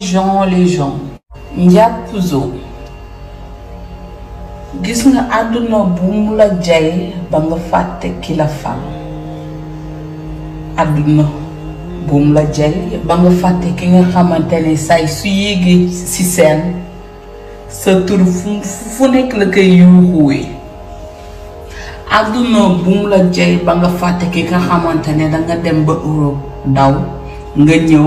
gens les gis nga àdduna bu mu la jay ba nga fàtte ki nga fàtte ki say su yéegee ci seen sa tur fu fu nekk la koy yuuxuwee àdduna bu la jay ba nga fàtte ki nga xamante ne danga dem ba Europe daw nga ñëw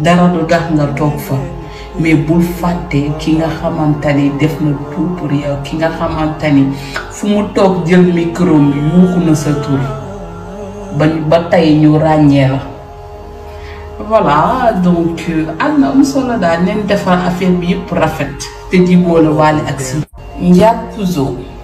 dara du tax nga toog fa mais bul fàtte ki nga xamante ni def na tout pour yow ki nga xamante ni fu mu toog jël micro mi yuuxu na sa tur ba ba tey ñu ràññee la. voilà donc euh, am na am solo daal neen defar affaire bi yëpp rafet te di boole waale ak si. Ndiaye Pouzo.